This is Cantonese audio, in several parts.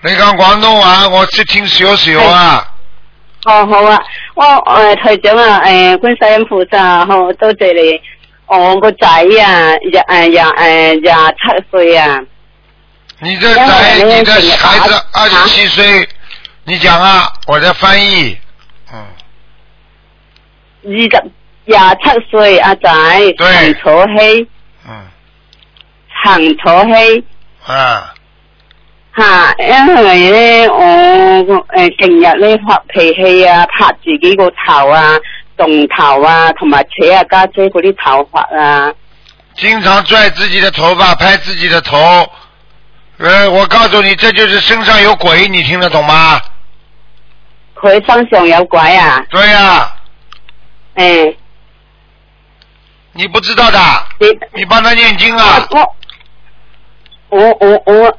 你講廣東話，我識聽少少啊，、哦、啊。哦好啊，我誒台長啊，誒、呃，觀世音負責，好、哦、多謝你。我個仔啊，誒廿誒廿七歲啊。你個仔，你個孩子、呃呃、二十七歲，你講啊，我在翻譯。嗯。二十廿七歲阿仔，對。坐西。嗯。行坐西。啊。啊、因為呢，我誒成、呃、日咧發脾氣啊，拍自己個頭啊，動頭啊，同埋扯啊，家姐嗰啲頭髮啊。經常拽自己的頭髮，拍自己的頭。誒、呃，我告訴你，這就是身上有鬼，你聽得懂嗎？佢身上有鬼啊？對啊。誒、嗯。你不知道的？嗯、你你幫他念經啊？我、啊、我我。我我我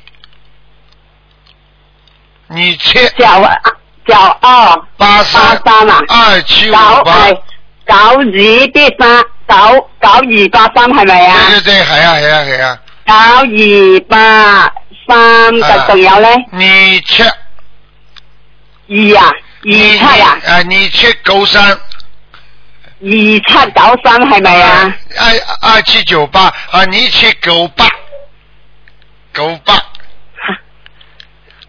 你七九九二、哦、八，八三啊！二七八九係九二啲八九九二八三係咪啊？係啊，係啊，係啊！九二八三就仲、啊啊、有咧？二七二啊？二七啊？啊！二七九三，二七九三係咪啊？二二七九八啊！二七九八，啊、九八。九八九八。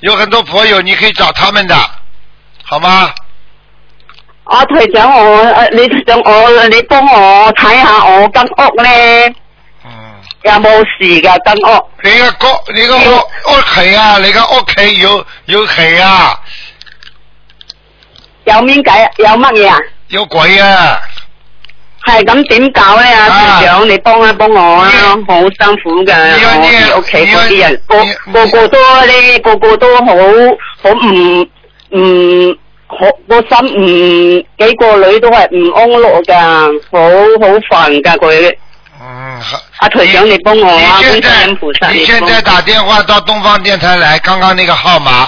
有很多朋友，你可以找他們的，嗯、好嗎？我提醒我，你提醒我，你幫我睇下我間屋咧，有、嗯、冇事嘅間屋？你個屋，你個屋屋企啊？你嘅屋企有有奇啊？有咩計？有乜嘢啊？有鬼啊！係咁點搞咧？阿團長，你幫一幫我啊！好辛苦噶，我啲屋企嗰啲人個，個個都呢，個個，個，個，個個都好好唔唔，個心唔，幾個女都係唔安樂噶，好好煩噶佢。嗯，阿團長，你幫我啊！你現在你，我、啊、你現在打電話到東方電台來，剛剛那個號碼，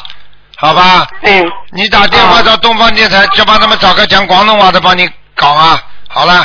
好吧？嗯，你打電話到東方電台，嗯、就幫他們找個講廣東話的幫你搞啊！好啦。